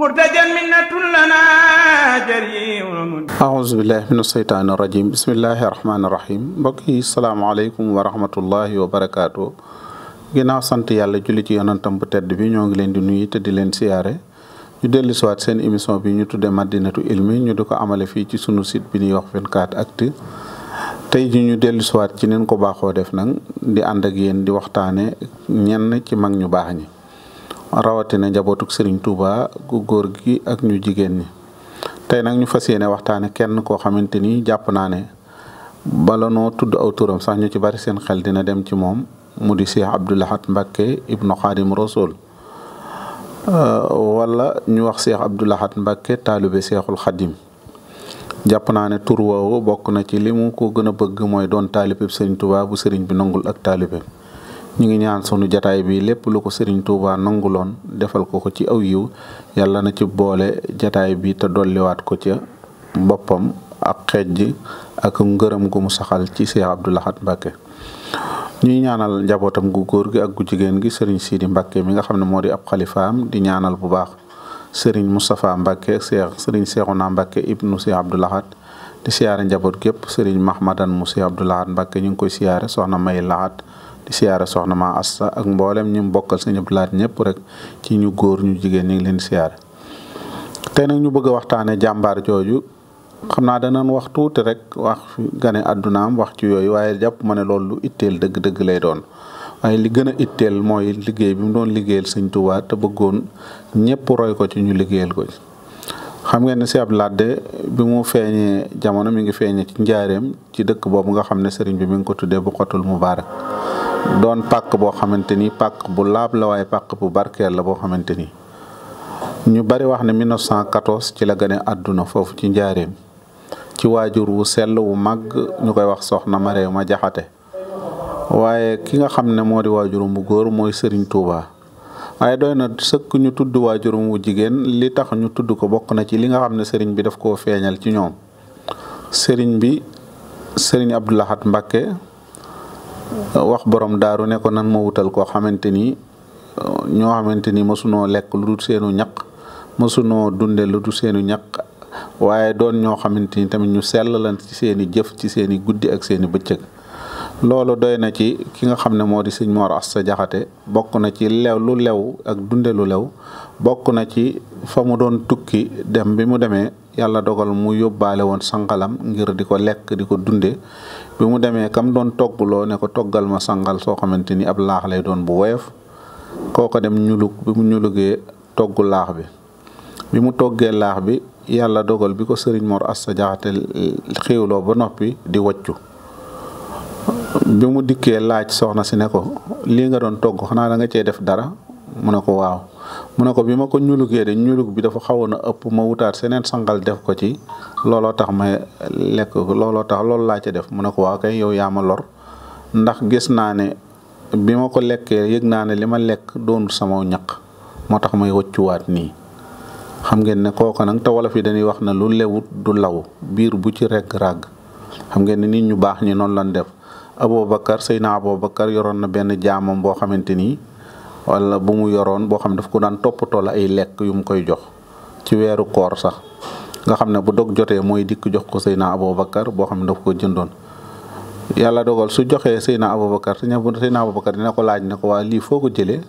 murtajan minnatun lana jariun aouzu billahi min asheytaani bismillahi rahmaani rahim mbokk yi salaamaaleykum wa rahmatullahi wa barakaatu ginnaaw sant yàlla julli ci yonantam bu tedd bi ñoo ngi leen di nuy te di leen siyaare ñu dellu siwaat seen émission bi ñu tuddee madinatu ilmi ñu di ko amale fii ci sunu site bi ñuy wax 24 actu tey ji ñu dellu siwaat ci neen ko baaxoo def nag di ànd ak yéen di waxtaane ñenn ci mag ñu baax ñi rawatina njabootuk Serigne Touba gu góor gi ak ñu jigéen ñi tey nag ñu fas yéene waxtaane kenn koo xamante ni jàpp naa ne bala noo tudd aw turam sax ñu ci bari seen xel dina dem ci moom mu di Cheikh Abdou Lahad Mbacké ibnu Xaadim Rasul euh, wala ñu wax Cheikh Abdou Lahad mbakke taalibe seexul Xadim jàpp naa ne tur woowu bokk na ci li mu ko gën a bëgg mooy doon taalibeb Serigne Touba bu Serigne bi nangul ak taalibe ñu ngi ñaan sunu jataay bi lépp lu ko Serigne Touba nanguloon defal ko ko ci aw yiw yàlla na ci boole jataay bi te dolliwaat ko ca boppam ak xejj ak ngërëm gu mu saxal ci Cheikh Abdou Lahad Mbacké ñuy ñaanal njabootam gu góor gi ak gu jigéen gi Serigne Sidi Mbacké mi nga xam ne moo di ab xalifaam di ñaanal bu baax Serigne Moustapha Mbacké Cheikh Serigne Cheikhouna Mbacké ibnu Cheikh Abdou Lahad di siyaare njaboot gépp Serigne Mahmadan mu Cheikh Abdou Lahad Mbacké ñu ngi koy siyaare soxna May laxaat di siyaara soxna ma asta ak mboolem ñu bokkal sëñ Abdou Lahat ñëpp rek ci ñu góor ñu jigéen ñi ngi leen siyaara te nag ñu bëgg a waxtaanee jàmbaar jooju xam naa danañ wax tuuti rek wax gane àddunaam wax ci yooyu waaye jàpp ma ne loolu lu itteel dëgg-dëgg lay doon waaye li gën a itteel mooy liggéey bi mu doon liggéeyal sëñ Tuubaa te bëggoon ñëpp royko ci ñu liggéeyal ko xam ngeen ne Sëñ Abdou de bi mu feeñee jamono mi ngi feeñee ci njaareem ci dëkk boobu nga xam ne sëriñ bi mi ngi ko tuddee bu xotul mubaarak doon pàkk boo xamante ni pàkk bu laab la waaye pàkk bu barkeel la boo xamante ni ñu bari wax ne 1914 ci la gane àdduna foofu ci njaareem ci waajur wu sell wu mag ñu koy wax soxna Mareema Jaxate waaye ki nga xam ne moo di waajurum bu góor mooy sëriñ tuuba waaye doy na sëkk ñu tudd waajurum wu jigéen li tax ñu tudd ko bokk na ci li nga xam ne Serigne bi daf koo feeñal ci ñoom sëriñ bi sëriñ Abdoul Ahad Mbacké wax borom daaru ne ko nan ma wutal koo xamante ni ñoo xamante ni mosunoo lekk lu dul seenu ñaq mosunoo dunde lu dul seenu ñaq waaye doon ñoo xamante ni tamit ñu sell lan ci seeni jëf ci seeni guddi ak seeni bëccëg loolu doy na ci ki nga xam ne moo di sëñ as sa Jaxate bokk na ci lew lu lew ak dunde lu lew bokk na ci fa mu doon tukki dem bi mu demee yàlla dogal mu yóbbaale woon sangalam ngir di ko lekk di ko dunde bi mu demee kam doon toggloo ne ko toggal ma sangal soo xamante ni ab laax lay doon bu woyof kooko dem ñulug bi mu ñulugee togg laax bi bi mu toggee laax bi yàlla dogal bi ko sëriñ Mor Asta Jaxate xéewloo ba noppi di waccu bi mu dikkee laaj soxna si ne ko lii nga doon togg xanaa da nga cee def dara mu ne ko waaw mu ne ko bi ma ko ñulugee de ñulug bi dafa xawoon na ëpp ma wutaat seneen sangal def ko ci looloo tax ma lekk looloo tax loolu laa ci def mu ne ko waaw kay yow yaa ma lor ndax gis naa ne bi ma ko lekkee yëg naa ne li ma lekk doonul sama ñaq moo tax may wëccuwaat nii xam ngeen ne kooka nag te wolof yi dañuy wax na lu lewut du law biir bu ci rekk ràgg xam ngeen ne nit ñu baax ñi noonu lan def Aboubacar Seydina Aboubacar yoroon na benn jaamam boo xamante ni wala bu mu yoroon boo xam ne daf ko daan toppatoo la ay lekk yu mu koy jox ci weeru koor sax nga xam ne bu dog jotee mooy dikk jox ko Seydina Aboubacar boo xam ne daf ko jëndoon. yàlla dogal su joxee Seydina Aboubacar Seydina Aboubacar dina ko laaj ne ko waa lii foo ko jëlee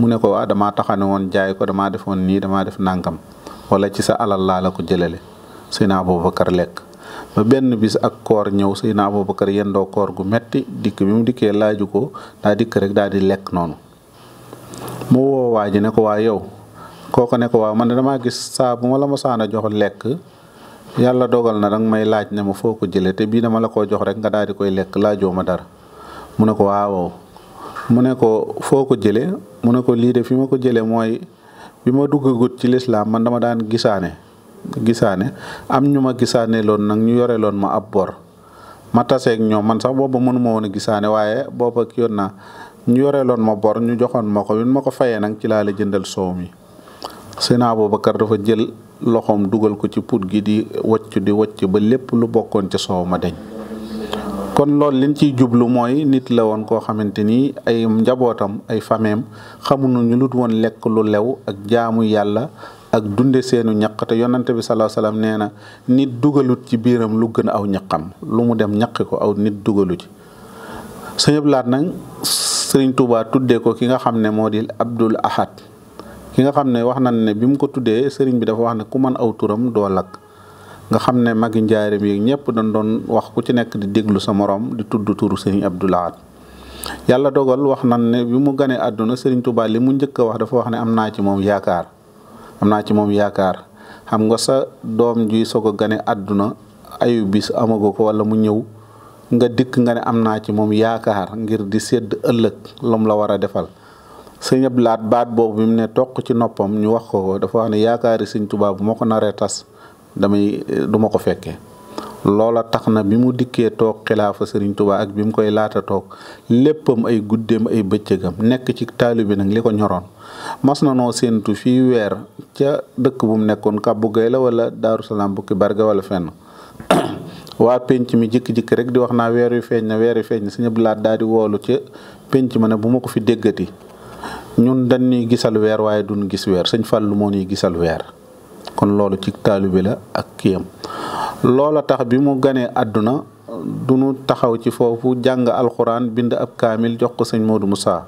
mu ne ko waa damaa taxane woon jaay ko damaa defoon nii damaa def nànkam wala ci sa alal laa la ko jëlale Seydina Aboubacar lekk. ba benn bis ak koor ñëw Seydina kër yendoo koor gu metti dikk bi mu dikkee laaju ko daa dikk rek daal di lekk noonu mu woo waa ji ne ko waa yow kooko ne ko waa man damaa gis saabu bu ma la mosaan a jox lekk yàlla dogal na danga may laaj ne ma foo ko jëlee te bii dama la ko jox rek nga daal di koy lekk laajoo ma dara mu ne ko waaw mu ne ko foo ko jëlee mu ne ko lii de fi ma ko jëlee mooy bi ma duggagut ci lislaam man dama daan gisaane gisaane am ñu ma gisaane loon nag ñu yore loon ma ab bor ma taseeg ñoom man sax boobu mënuma woon a gisaane waaye boobu ak yoon naa ñu yore loon ma bor ñu joxoon ma ko yun ma ko fayee nag ci laa la jëndal soow mi Seydina Abubakar dafa jël loxoom dugal ko ci put gi di wocc di wocc ba lépp lu bokkoon ca soow ma deñ kon loolu liñ ciy jublu mooy nit la woon koo xamante ni ay njabootam ay fameem xamuñu ñu lut woon lekk lu lew ak jaamu yàlla ak dunde seenu ñaq te yonante bi salaa salaam nee na nit dugalut ci biiram lu gën a aw ñaqam lu mu dem ñaqi ko aw nit dugalu ci sëñ nag sëriñ Tuubaa tuddee ko ki nga xam ne moo di Abdul Ahad ki nga xam ne wax nañ ne bi mu ko tuddee sëriñ bi dafa wax ne ku man aw turam doo lakk nga xam ne magi njaareem yi ñëpp dañ doon wax ku ci nekk di déglu sa moroom di tudd turu sëriñ Abdu Lahat yàlla dogal wax nan ne bi mu ganee àdduna sëriñ Tuubaa li mu njëkk a wax dafa wax ne am naa ci moom yaakaar am naa ci moom yaakaar xam nga sa doom ji soog a gane àdduna ayu bis amago ko wala mu ñëw nga dikk nga ne am naa ci moom yaakaar ngir di sedd ëllëg lam la war a defal sëñ Abdou Lahad baat boobu bi mu ne toq ci noppam ñu wax ko ko dafa wax ne yaakaari sëñ tubaab bu ma ko naree tas damay du ma ko fekkee loola tax na bi mu dikkee toog xilaafa sëriñ Tuubaa ak bi mu koy laata toog léppam ay guddeem ay bëccëgam nekk ci taalibe bi nag li ko ñoroon mas na noo séentu fii weer ca dëkk bu mu nekkoon kàbbu gay la wala daaru salaam bukki barga walla fenn waa penc mi jikki-jikki rek di wax naa weer wi feeñ na weer wi feeñ na sëñ Abdu Lahat daal woolu ca pénc ma ne bu ma ko fi déggati ñun dañ ñuy gisal weer waaye duñ gis weer sëñ Fàllu moo ñuy gisal weer kon loolu ci taalibe la ak kiyam loola tax bi mu ganee àdduna du taxaw ci foofu jàng alxuraan bind ab kaamil jox ko sëñ Modou Moussa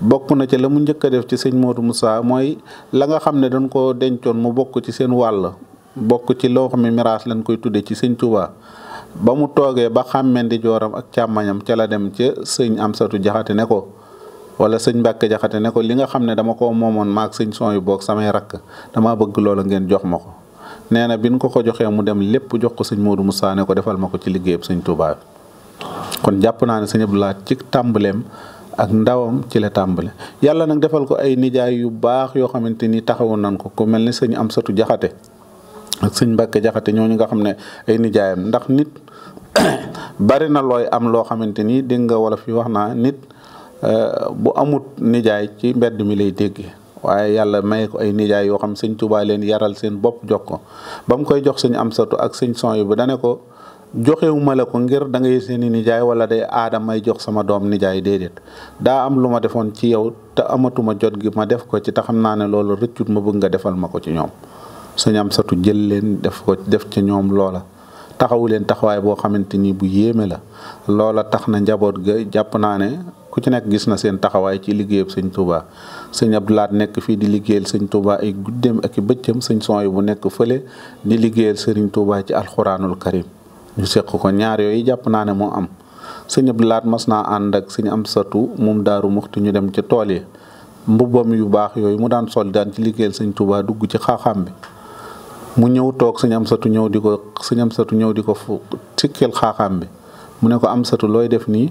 bokk na ci la mu njëkk a def ci sëñ Modou Moussa mooy la nga xam ne dañ koo dencoon mu bokk ci seen wàll bokk ci loo mi ne miraas lañ koy tuddee ci sëñ Touba ba mu toogee ba xàmmee di jooram ak càmmañam ca la dem ca sëñ Amsatu Jaxate ne ko wala sëñ Mbàkke Jaxate ne ko li nga xam ne dama ko moomoon maak sëñ son yu boog samay rakk dama bëgg loola ngeen jox ma ko nee na biñ ko ko joxee mu dem lépp jox ko sëñ Modou Moussa ne ko defal ma ko ci liggéeyam sëñ Touba jàpp naa ne sëñ Abdoulaye ak ndawam ci la tàmbale yàlla nag defal ko ay nijaay yu baax yoo xamante ni taxawu nan ko ko mel ni sëñ am satu jaxate ak sëñ mbàkke jaxate ñooñu nga xam ne ay nijaayam ndax nit bari na looy am loo xamante ni dégg nga wala fi wax naa nit euh, bu amut nijaay ci mbedd mi lay déggee waaye yàlla may ko ay nijaay yoo xam sëñ Tuubaa leen yaral seen bopp jox ko ba koy jox sëñ am satu ak sëñ son yi bu ko joxewuma la ko ngir dangay ngay seeni nijaay wala day aada may jox sama doom nijaay déedéet daa am lu ma defoon ci yow te amatuma jot gi ma def ko ci te naa ne loolu rëccut ma bëgg nga defal ma ko ci ñoom sëñ Amsatu jël leen def ko def ci ñoom loola taxawu leen taxawaay boo xamante ni bu yéeme la loola tax na njaboot ga jàpp naa ne ku ci nekk gis na seen taxawaay ci liggéeyam sëñ Touba sëñ Abdou laat nekk fii di liggéeyal sëñ Touba ay guddeem ak i bëccëm sëñ son yi bu nekk fële di liggéeyal sëriñ Touba ci alxuraanul karim ñu seq ko ñaar yooyu jàpp naa ne moo am sëñ Abdou Lahat mas naa ànd ak sëñ Amsatu moom daaru muxti ñu dem ca tool yi mbubbam yu baax yooyu mu daan sol ci liggéeyal sëñ Tuubaa dugg ci xaaxaam bi mu ñëw toog sëñ Amsatu ñëw di ko sëñ satu ñëw di ko fu sikkil xaaxaam bi mu ne ko Amsatu looy def nii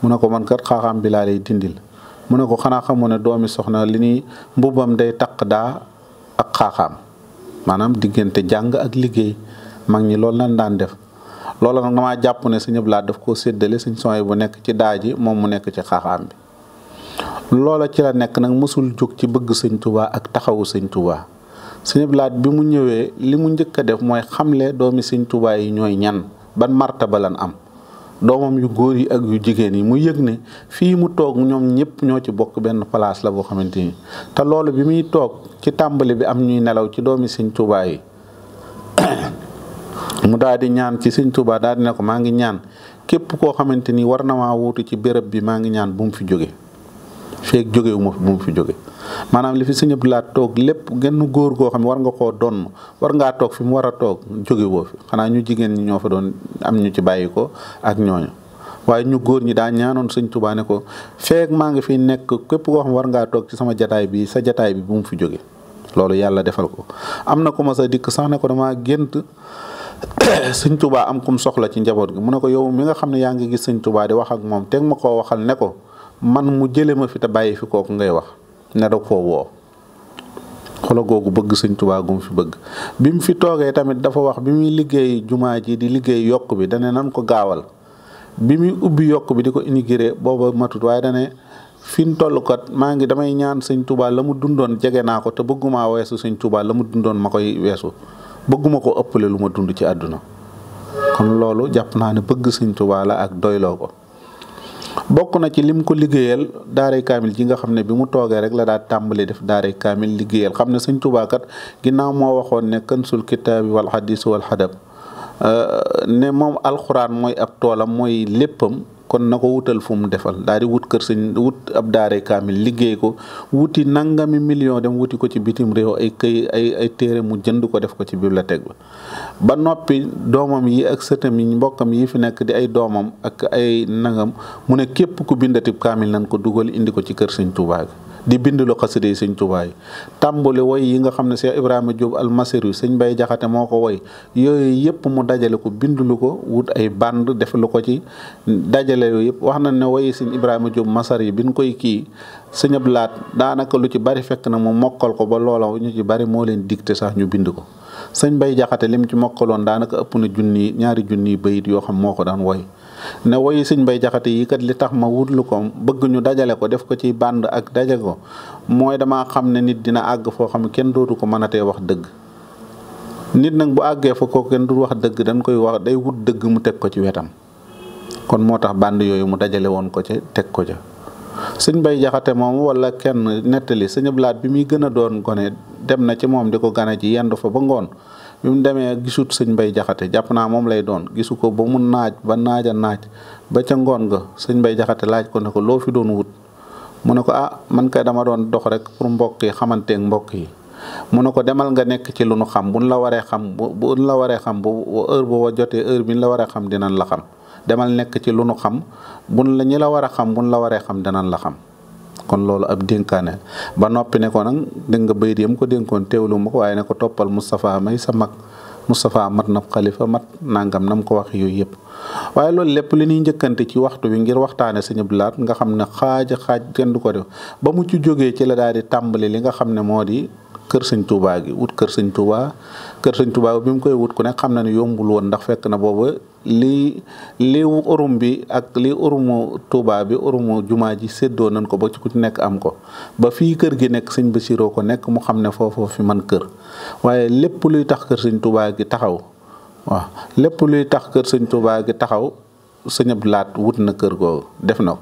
mu ne ko man kat xaaxaam bi laa dindil mu ne ko xanaa xamoo ne doomi soxna li ñuy mbubbam day taq daa ak xaaxaam maanaam diggante jàng ak liggéey mag ñi loolu lan daan def loolu nag damaa jàpp ne sëñ Abdoulaye daf koo séddale sëñ Sohaybu bu nekk ci daa ji moom mu nekk ci xaaxaam bi loola ci la nekk nag mësul jóg ci bëgg sëñ Tuubaa ak taxawu sëñ Tuubaa sëñ bi mu ñëwee li mu njëkk a def mooy xamle doomi sëñ Tuubaa yi ñooy ñan ban martaba lan am doomam yu góor yi ak yu jigéen yi mu yëg ne fii mu toog ñoom ñëpp ñoo ci bokk benn place la boo xamante ni te loolu bi muy toog ci tàmbali bi am ñuy nelaw ci doomi sëñ Tuubaa yi mu daal di ñaan ci sëñ Tuubaa daal di ne ko maa ngi ñaan képp koo xamante ni war na maa wuutu ci béréb bi maa ngi ñaan bu fi jóge feeg jóge mu fi jóge maanaam li fi sëñ Abdu toog lépp genn góor goo xam ne war nga koo doon war ngaa toog fi mu war a toog jóge woo fi xanaa ñu jigéen ñi ñoo fa doon am ñu ci bàyyi ko ak ñooñu waaye ñu góor ñi daa ñaanoon sëñ Tuubaa ko feeg maa ngi fi nekk képp koo war ngaa toog ci sama jataay bi sa jataay bi bu fi jóge loolu yàlla defal ko am na ko sa dikk sax ne dama gént sëñ tubaa am kum soxla ci njaboot gi mu ne ko yow mi nga xam ne yaa ngi gis sëñ tubaa di wax ak moom teg ma koo waxal ne ko man mu jële ma fi te bàyyi fi kooku ngay wax ne da koo woo xolo bëgg sëñ tubaa gum fi bëgg bi mu fi toogee tamit dafa wax bi muy liggéey jumaa ji di liggéey yokk bi dane nan ko gaawal bi muy ubbi yokk bi di ko inigiré booba matut waaye dane fi mu toll maa ngi damay ñaan sëñ tubaa la mu dundoon jege naa ko te bëggumaa weesu sëñ tubaa la mu dundoon ma koy weesu bëgguma ko ëppale lu ma dund ci àdduna kon loolu jàpp naa ne bëgg sëñ Tuubaa ak doyloo ko bokk na ci lim ko liggéeyal daaray kaamil ji nga xam ne bi mu toogee rek la daa tàmbali def daaray kaamil liggéeyal xam ne sëñ tubaakat ginnaaw moo waxoon ne kansul kitaabi wal xadiis wal xadab euh, ne moom alxuraan mooy ab toolam mooy léppam kon na ko wutal fu mu defal daal wut kër sëñ wut ab daare kaamil liggéey ko wuti nangami million dem wuti ko ci bitim réew ay këy ay ay téere mu jënd ko def ko ci bibliothèque ba ba noppi doomam yi ak sëtam yi mbokkam yi fi nekk di ay doomam ak ay nangam mu ne képp ku bindatib kaamil nan ko dugal indi ko ci kër sëñ Tuubaa gi di bind lu xasida yi sëñ Tuubaa yi woy yi nga xam ne Cheikh Ibrahima Diop almasir yu sëñ Bay Jaxate moo ko woy yooyu yëpp mu dajale ko bind lu ko wut ay band def lu ko ci dajale yoo yëpp wax na ne woy sëñ Ibrahima jóob masar yi bi ñu koy kii sëñ Abdu Laat daanaka lu ci bari fekk na mu mokkal ko ba loola ñu ci bari moo leen dicté sax ñu bind ko sëñ Bay Jaxate lim ci mokkaloon daanaka ëpp na junni ñaari junni bayit yoo xam moo ko daan woy ne woyi sëñ bay Jaxate yi kat li tax ma wutlu ko bëgg ñu dajale ko def ko ci bànd ak daje ko mooy dama xam ne nit dina àgg foo xam ne kenn dootu ko mën a tee wax dëgg nit nag bu àggee fa ko kenn du wax dëgg dañ koy wax day wut dëgg mu teg ko ci wetam kon moo tax bànd yooyu mu dajale woon ko ci teg ko ca sëñ bay Jaxate moom walla kenn nettali sëñ bi muy gën a doon kone dem na ci moom di ko gane ci yendu fa ba ngoon bi mu demee gisut sëñ Mbay Jaxate jàpp naa moom lay doon gisu ko ba mu naaj ba naaja naaj ba ca ngoon nga sëñ Mbay Jaxate laaj ko ne ko loo fi doon wut mu ne ko ah man kay dama doon dox rek pour mbokk yi xamanteeg mbokk yi mu ne ko demal nga nekk ci lu nu xam buñ la waree xam bu buñ la waree xam bu heure boo jotee heure bi la waree xam dinañ la xam demal nekk ci lu nu xam buñ la ñi la war a xam buñ la waree xam dinañ la xam. kon loolu ab dénkaane ba noppi ne ko nag dégg nga bayit yam ko dénkoon teewlu ma ko waaye ne ko toppal Moustapha may sa mag Moustapha mat na xalifa mat nangam nam ko wax yooyu yëpp waaye loolu lépp li ñuy njëkkante ci waxtu wi ngir waxtaane Sëñ Abdou Lahad nga xam ne xaaja xaaj kenn du ko def ba mu ci jógee ci la daal di tàmbali li nga xam ne moo di kër sëñ Touba gi wut kër sëñ Touba kër sëñ Touba bi mu koy wut ku ne xam na ne yombul woon ndax fekk na booba lii lii urum bi ak lii urumu Touba bi urumu jumaa ji séddoo nañ ko ba ci ku ci nekk am ko ba fii kër gi nekk sëñ Bassirou ko nekk mu xam ne foofoo fi man kër waaye lépp luy tax kër sëñ Touba gi taxaw waaw luy tax kër sëñ Touba gi taxaw sëñ Abdou wut na kër googu def na ko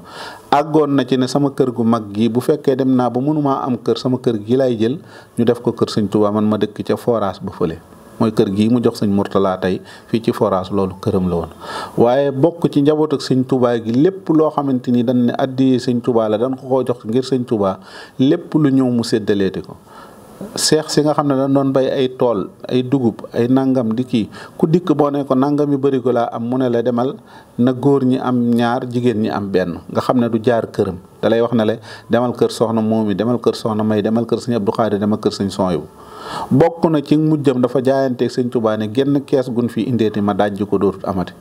àggoon na ci ne sama kër gu mag gii bu fekkee dem naa ba mënumaa am kër sama kër gi lay jël ñu def ko kër sëñ tubaa man ma dëkk ca forage ba fële mooy kër gii mu jox sëñ Murtala tey fii ci forage loolu këram la woon waaye bokk ci njaboot ak sëñ Tuubaa gi lépp loo xamante ni dañ ne addiyee sëñ tubaa la dañ ko koo jox ngir sëñ Tuubaa lépp lu ñëw mu séddaleeti ko seex si nga xam ne dañ doon bay ay tool ay dugub ay nangam di kii ku dikk boo ne ko nangam yu bëri ko laa am mu ne la demal na góor ñi am ñaar jigéen ñi am benn nga xam ne du jaar këram dalay wax ne la demal kër soxna moom moomi demal kër soxna may demal kër sëñ Abdou Xaadir demal kër sëñ Sooybu bokk na ci mujjam dafa jaayanteeg sëñ Tuubaa ne genn kees gun fi indeeti ma dajji ko dootul amati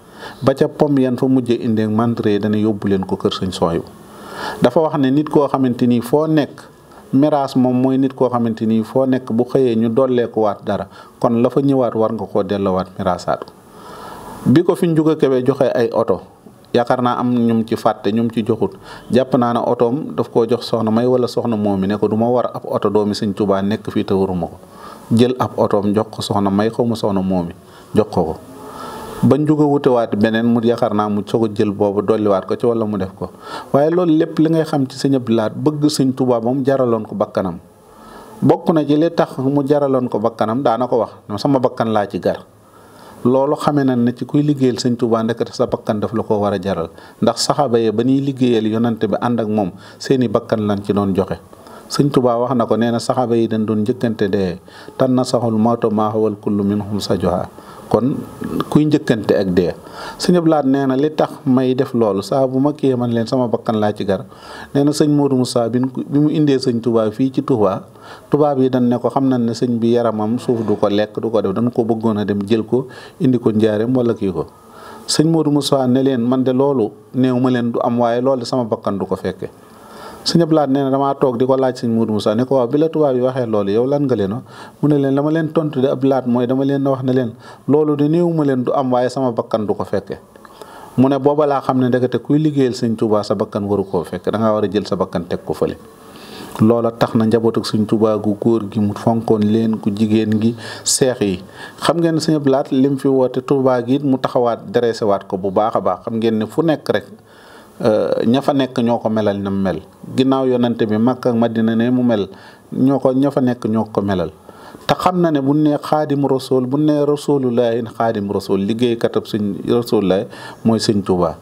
ba ca pom yan fa mujjee indeeg mantre dana yóbbu leen ko kër sëñ Sooybu dafa wax ne nit ni foo nekk. miraas moom mooy nit koo xamante ni foo nekk bu xëyee ñu dolleekuwaat dara kon la fa ñëwaat war nga koo delloowaat miraasaat bi ko fi Ndiouga Kébé joxe ay oto yaakaar naa am ñum ci fàtte ñum ci joxut jàpp naa ne otoom daf koo jox soxna may wala soxna moom mi ne ko du ma war ab oto doomi Sëñ Tuubaa nekk fii te waruma ko jël ab otoom jox ko soxna may xaw ma soxna moom mi jox ko ko. bañ jóg a wutewaat beneen mu yaakaar naa mu soog a jël boobu dolliwaat ko ci wala mu def ko waaye loolu lépp li ngay xam ci sëñ Abdou bëgg sëñ Tuubaa moom jaraloon ko bakkanam bokk na ci li tax mu jaraloon ko bakkanam daana ko wax sama bakkan laa ci gar loolu xamee na ne ci kuy liggéeyal sëñ Tuubaa ndekete sa bakkan daf la ko war a jaral ndax saxaaba yi ba ñuy liggéeyal yonante bi ànd ak moom seeni bakkan lañ ci doon joxe sëñ Tuubaa wax na ko nee na saxaaba yi dañ doon njëkkante dee tan na saxul mawto maaxawal kullu sa sajoha kon kuy njëkkante ak dee sëñ Ablaat nee na li tax may def loolu saa bu ma kiyee man leen sama bakkan laa ci gar nee na sëñ Modou Moussa bi mu indee sëñ Tuubaa fii ci Tuubaa tubaab yi dan ne ko xam nañ ne sëñ bi yaramam suuf du ko lekk du ko def dañ ko bëggoon a dem jël ko indi ko njaareem wala kii ko sëñ Modou Moussa ne leen man de loolu néew ma leen du am waaye loolu sama bakkan du ko fekke sëñ Ablaat nee damaa toog di ko laaj sëñ mu Musaa ne ko waaw bi la tubaab yi waxee loolu yow lan nga leen mu ne leen dama leen tontu de Ablaat mooy dama leen wax ne leen loolu di néew ma leen du am waaye sama bakkan du ko fekke mu ne boobalaa xam ne ndekete kuy liggéeyal sëñ tubaa sa bakkan waru koo fekke danga war a jël sa bakkan teg ko fële. loola tax na njabootuk sëñ tubaa gu góor gi mu fonkoon leen ku jigéen gi seex yi xam ngeen ne sëñ Ablaat lim fi woote Tuubaa gi mu taxawaat deresewaat ko bu baax a baax xam ngeen ne fu nekk rek. Euh, ña fa nekk ñoo ko melal na mu mel ginnaaw yonante bi mag ak Madina ne mu mel ñoo ko ña fa nekk ñoo ko melal te xam na ne bu nee xaadim rasul bu nee rasulullahi xaadim rasul liggéey katab suñ rasulullah mooy sëñ Tuubaa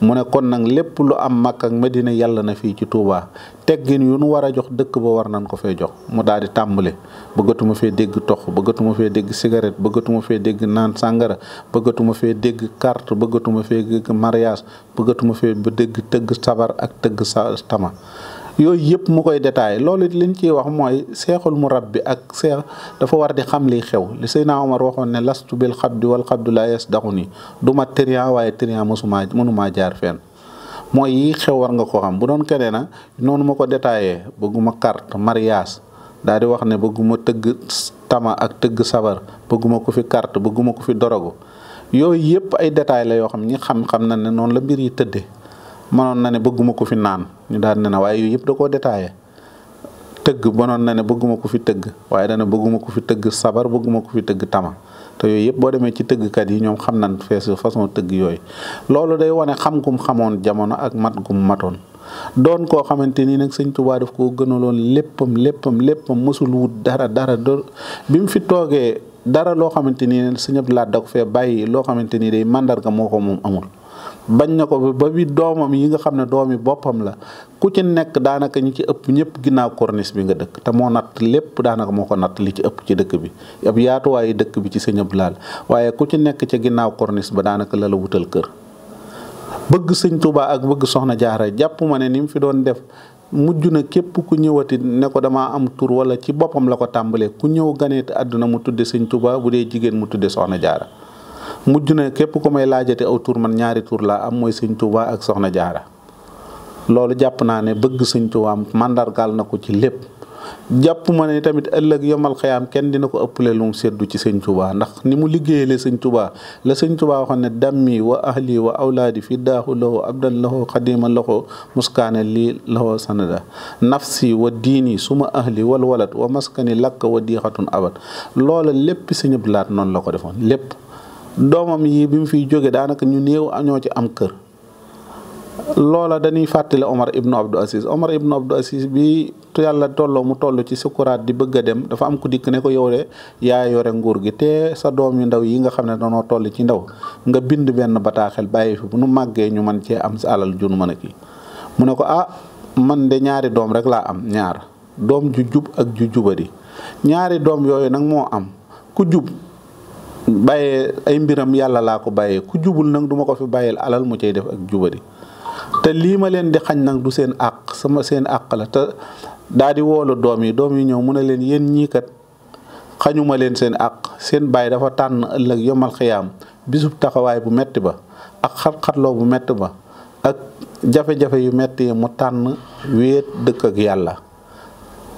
mu ne kon nag lépp lu am Makka ak dina yàlla na fii ci Touba teggin yu nu war a jox dëkk boo war nañ ko fee jox mu daal di tàmbale bëggatuma fee dégg tox bëggatuma fee dégg cigarette bëggatuma fee dégg naan sàngara bëggatuma fee dégg carte bëggatuma fee dégg mariage bëggatuma fee ba dégg tëgg sabar ak tëgg sa tama yooyu yëpp mu koy détaillé loolu it liñ ciy wax mooy seexul bi ak seex dafa war di xam liy xew li Seydina Omar waxoon ne lastu bil xabdi wal xabdu laa yes daxu ni du ma trian waaye trian mësuma mënumaa jaar fen mooy yi xew war nga ko xam bu doon keneen na noonu ma ko détayee bëgguma carte mariage daal di wax ne bëgguma tëgg tama ak tëgg sabar bëgguma ko fi carte bëgguma ko fi dorogo yooyu yëpp ay détails la yoo xam ñi xam-xam na ne noonu la mbir yi tëddee mënoon na ne bëgguma ko fi naan ñu daal ne na waaye yooyu yëpp da koo détaillé tëgg mënoon na ne bëgguma ko fi tëgg waaye dana bëgguma ko fi tëgg sabar bëgguma ko fi tëgg tama te yooyu yëpp boo demee ci tëggkat yi ñoom xam na nañ fees façon tëgg yooyu loolu day wane xam gum xamoon jamono ak mat gum matoon doon koo xamante ni nag sëñ tubaa def koo gënaloon léppam léppam léppam mësul wut dara dara do bi mu fi toogee dara loo xamante ni sëñ Abdu Lahat fee bàyyi loo xamante ni day màndarga moo ko moom amul bañ na ko ba bi doomam yi nga xam ne doom doomi boppam la ku ci nekk daanaka ñi ci ëpp ñëpp ginnaaw corniche bi nga dëkk te moo natt lépp daanaka moo ko natt li ci ëpp ci dëkk bi ab yaatuwaayu dëkk bi ci Sëñ laal waaye ku ci nekk ca ginnaaw corniche ba daanaka la la wutal kër bëgg Sëñ tubaa ak bëgg Soxna Jaara jàpp ne ni mu fi doon def mujj na képp ku ñëwati ne ko damaa am tur wala ci boppam la ko tàmbalee ku ñëw ganeeti àdduna mu tudde Sëñ tubaa bu dee jigéen mu tudde Soxna Jaara mujj na képp ku may laajate aw man ñaari tur laa am mooy sëñ Tuubaa ak soxna jaara loolu jàpp naa ne bëgg sëñ Tuubaa màndargaal na ko ci lépp jàpp ma ne tamit ëllëg yomal xayaam kenn dina ko ëpp lu mu seddu ci sëñ Tuubaa ndax ni mu liggéeyale sëñ Tuubaa la sëñ Tuubaa xam ne dammi wa ahli wa awlaadi fi daaxu loxo abdan loxo xadima loxo muskaane lii loxo sanada nafsi wa diini suma ahli wal walat wa maskani lakk wa diixatun abad loola lépp sëñ Abdu noonu la ko defoon lépp doomam yii bi mu fiy jógee daanaka ñu néew ñoo ci am kër loola dañuy fàttali Omar ibn Abdou Aziz Omar ibn bi yàlla tolloo mu toll ci sukuraat di bëgg a dem dafa am ku dikk ne ko yow de yaa yore nguur gi te sa doom yu ndaw yi nga xam ne danoo toll ci ndaw nga bind benn bataaxel bàyyi fi bu nu màggee ñu mën cee am sa alal ju nu mën a kii mu ne ko ah man de ñaari doom rek laa am ñaar doom ju jub ak ju jubadi ñaari doom yooyu nag moo am ku jub. bàyyee ay mbiram yàlla laa ko bàyyee ku jubul nag duma ko fi bàyyeel alal mu cay def ak jubadi te lii ma leen di xañ nag du seen àq sama seen àq la te daa di woolu doom yi doom yi ñëw mu ne leen yéen ñiikat xañuma leen seen àq seen baay dafa tànn ëllëg yomal xiyaam bisub taxawaay bu metti ba ak xat-xatloo bu metti ba ak jafe-jafe yu metti yi mu tànn wéet dëkk ak yàlla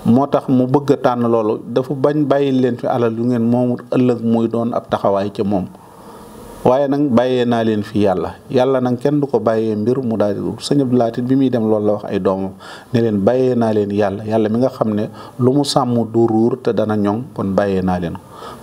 moo tax mu bëgg a tànn loolu dafa bañ bàyyi leen fi alal yu ngeen moom ëllëg muy doon ab taxawaay ca moom waaye nag bàyyee naa leen fi yàlla yàlla nag kenn du ko bàyyee mbir mu daal sëñ Abdou bi muy dem loolu la wax ay doomam ne leen bàyyee naa leen yàlla yàlla mi nga xam ne lu mu sàmm du ruur te dana ñoŋ kon bàyyee naa leen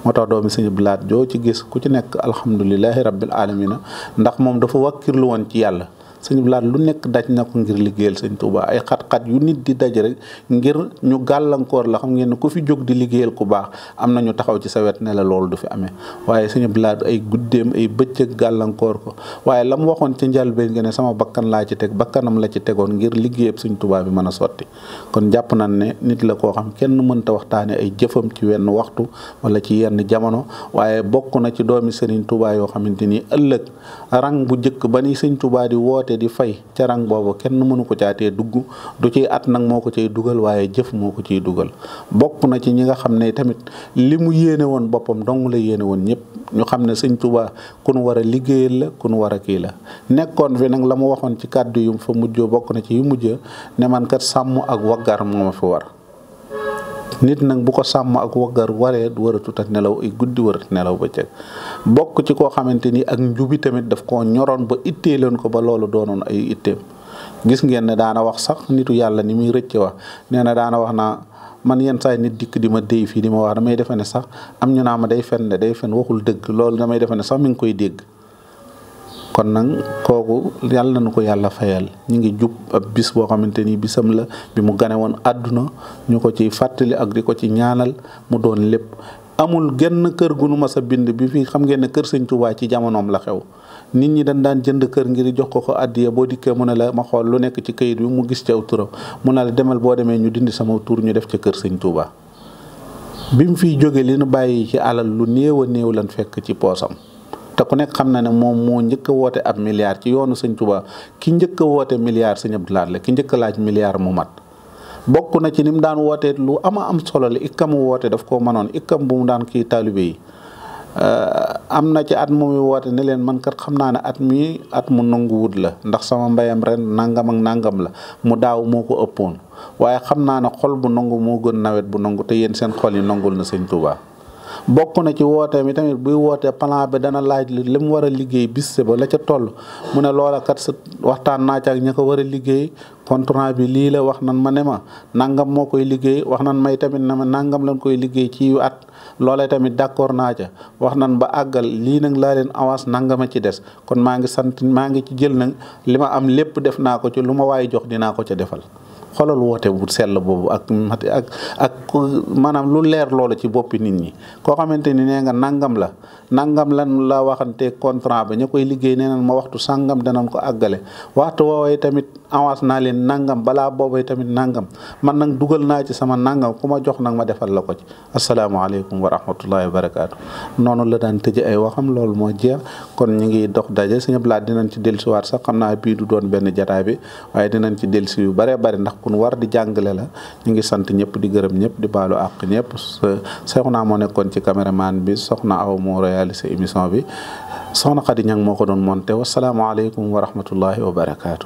moo tax doomi sëñ Abdou Lahat joo ci gis ku ci nekk alhamdulilahi rabbil alamina ndax moom dafa wàkkirlu woon ci yàlla sëñ Blaat lu nekk daj na ko ngir liggéeyal sëñ Touba ay xat-xat yu nit di daj rek ngir ñu gàllankoor la xam ngeen ne ku fi jóg di liggéeyal ku baax am na ñu taxaw ci sa wet ne la loolu du fi amee waaye sëñ Blaat ay guddeem ay bëccëg gàllankoor ko waaye la mu waxoon ci njëlbéen nga ne sama bakkan laa ci teg bakkanam la ci tegoon ngir liggéeyab sëñ Touba bi mën a sotti kon jàpp nañ ne nit la koo xam kenn mënta waxtaane ay jëfam ci wenn waxtu wala ci yenn jamono waaye bokk na ci doomi Serigne Touba yoo xamante ni ëllëg rang bu njëkk ba ni sëñ Tuubaa di woote di fay ca rang boobu kenn mënu ko caatee dugg du ci at nag moo ko ciy dugal waaye jëf moo ko ciy dugal bokk na ci ñi nga xam ne tamit li mu yéene woon boppam dong la yéene woon ñëpp ñu xam ne sëñ Tuubaa ku nu war a liggéeyal la ku nu war a kii la nekkoon fi nag la mu waxoon ci kàddu yum fa mujjoo bokk na ci yu mujj ne kat sàmm ak waggar moo ma fi war nit nag bu ko sàmm ak waggar waree waratut ak nelaw ay guddi warat nelaw bëccëg bokk ci koo xamante ni ak njubi tamit def ko ñoroon ba ittee leen ko ba loolu doonoon ay itteem gis ngeen ne daana wax sax nitu yàlla ni muy rëcce wax nee na daana wax naa man yenn sax nit dikk di ma déy fii di ma wax da may defe ne sax am ñu naa ma day fen de day fen waxul dëgg loolu may defe ne sax mi ngi koy dégg kon nag kooku yàlla nañu ko yàlla fayal ñu ngi jub ab bis boo xamante ni bisam la bi mu gane woon àdduna ñu ko ci fàttali ak di ko ci ñaanal mu doon lépp amul genn kër gu nu ma sa bind bi fii xam ngeen ne kër sëñ Tuubaa ci jamonoom la xew nit ñi dañ daan jënd kër ngir jox ko ko addiya boo dikkee mu ne la ma xool lu nekk ci kayit bi mu gis ci aw turam mu ne la demal boo demee ñu dindi sama tur ñu def ca kër sëñ Tuubaa bi mu fiy jóge li nu bàyyi ci alal lu néew a néew lan fekk ci poosam te ku nekk xam na ne moom moo njëkk woote ab milliard ci yoonu sëñ ki njëkk a woote milliard sëñ Abdou Lahad la ki njëkk laaj milliard mu mat bokk na ci ni mu daan wootee lu ama am solo la ikkam mu woote daf koo mënoon ikkam bu mu daan kii taalibe yi am na ci at mu muy woote ne leen man kat xam naa ne at mii at mu nanguwut la ndax sama mbayam ren nangam ak nangam la mu daaw moo ko ëppoon waaye xam naa ne xol bu nangu moo gën nawet bu nangu te yéen seen xol yi nangul na sëñ Tuubaa bokk na ci mi tamit buy woote plan bi dana laaj li mu war a liggéey bis ba la ca toll mu ne loola kat sa waxtaan naa ci ak ña ko war a liggéey contrat bi lii la wax nan ma ne ma nangam moo koy liggéey wax nan may tamit na ma nangam lañ koy liggéey ci yu at loolee tamit d'accord naa ca wax nan ba àggal lii nag laa leen avance nangama ci des kon maa ngi sant maa ngi ci jël nag li ma am lépp def naa ko ci lu ma waaye jox dinaa ko ca defal xoolal woote bu sell boobu ak ak ak maanaam lu leer loolu ci boppi nit ñi koo xamante ni nee nga nangam la nangam lan la waxante contrat ba ña koy liggéey nee nañ ma waxtu sangam danañ ko àggale waxtu woowee tamit avance naa leen nangam balaa boobay tamit nangam man nag dugal naa ci sama nangam ku ma jox nag ma defal la ko ci asalaamaaleykum wa rahmatullahi wa barakaatu noonu la daan tëje ay waxam loolu moo jeex kon ñu ngi dox daje sëñ Abdou Lahad dinañ ci dellusiwaat sax xam naa bii du doon benn jataay bi waaye dinañ ci dellusi yu bare bare ndax kun war di jàngale la ñu ngi sant ñëpp di gërëm ñëpp di baalu àq ñëpp Seexuna moo nekkoon ci caméraman bi soxna aw moo émission bi soxna Xadi Ñang moo ko doon monté wasalaamaaleykum wa rahmatullahi wa barakaatu